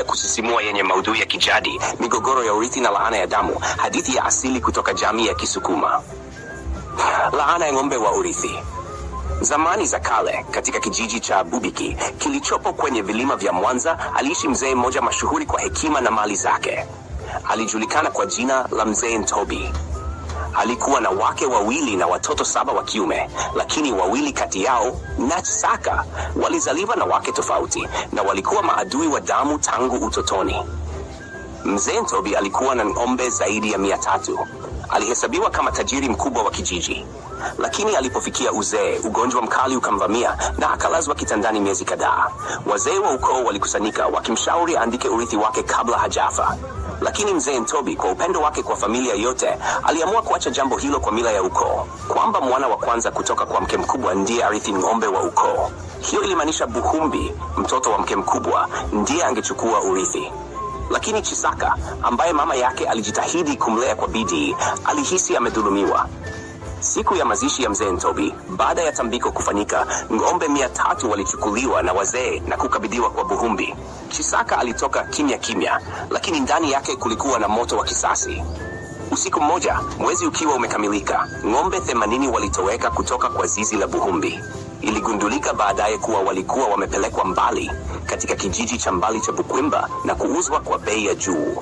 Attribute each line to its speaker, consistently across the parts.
Speaker 1: ya kusisimua yenye maudhui ya kijadi, migogoro ya urithi na laana ya damu, hadithi ya asili kutoka jamii ya Kisukuma. Laana ya ng'ombe wa urithi. Zamani za kale, katika kijiji cha Bubiki kilichopo kwenye vilima vya Mwanza, aliishi mzee mmoja mashuhuri kwa hekima na mali zake. Alijulikana kwa jina la Mzee Ntobi. Alikuwa na wake wawili na watoto saba wa kiume, lakini wawili kati yao Nachsaka walizaliwa na wake tofauti na walikuwa maadui wa damu tangu utotoni. Mzee Ntobi alikuwa na ng'ombe zaidi ya mia tatu. Alihesabiwa kama tajiri mkubwa wa kijiji, lakini alipofikia uzee, ugonjwa mkali ukamvamia na akalazwa kitandani miezi kadhaa. Wazee wa ukoo walikusanyika wakimshauri aandike urithi wake kabla hajafa, lakini mzee Ntobi, kwa upendo wake kwa familia yote, aliamua kuacha jambo hilo kwa mila ya ukoo, kwamba mwana wa kwanza kutoka kwa mke mkubwa ndiye arithi ng'ombe wa ukoo. Hiyo ilimaanisha Buhumbi, mtoto wa mke mkubwa, ndiye angechukua urithi. Lakini Chisaka ambaye mama yake alijitahidi kumlea kwa bidii alihisi amedhulumiwa. Siku ya mazishi ya mzee Ntobi, baada ya tambiko kufanyika, ng'ombe mia tatu walichukuliwa na wazee na kukabidhiwa kwa Buhumbi. Chisaka alitoka kimya kimya, lakini ndani yake kulikuwa na moto wa kisasi. Usiku mmoja, mwezi ukiwa umekamilika, ng'ombe themanini walitoweka kutoka kwa zizi la Buhumbi. Iligundulika baadaye kuwa walikuwa wamepelekwa mbali katika kijiji cha mbali cha Bukwimba na kuuzwa kwa bei ya juu.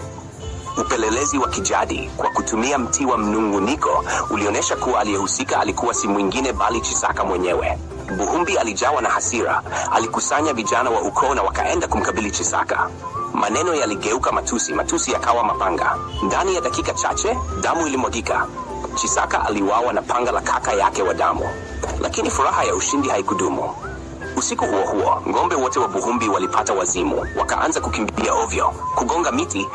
Speaker 1: Upelelezi wa kijadi kwa kutumia mti wa mnunguniko ulionyesha kuwa aliyehusika alikuwa si mwingine bali Chisaka mwenyewe. Buhumbi alijawa na hasira, alikusanya vijana wa ukoo na wakaenda kumkabili Chisaka. Maneno yaligeuka matusi, matusi yakawa mapanga. Ndani ya dakika chache damu ilimwagika. Chisaka aliwawa na panga la kaka yake wa damu lakini furaha ya ushindi haikudumu. Usiku huo huo, ng'ombe wote wa Buhumbi walipata wazimu, wakaanza kukimbia ovyo, kugonga miti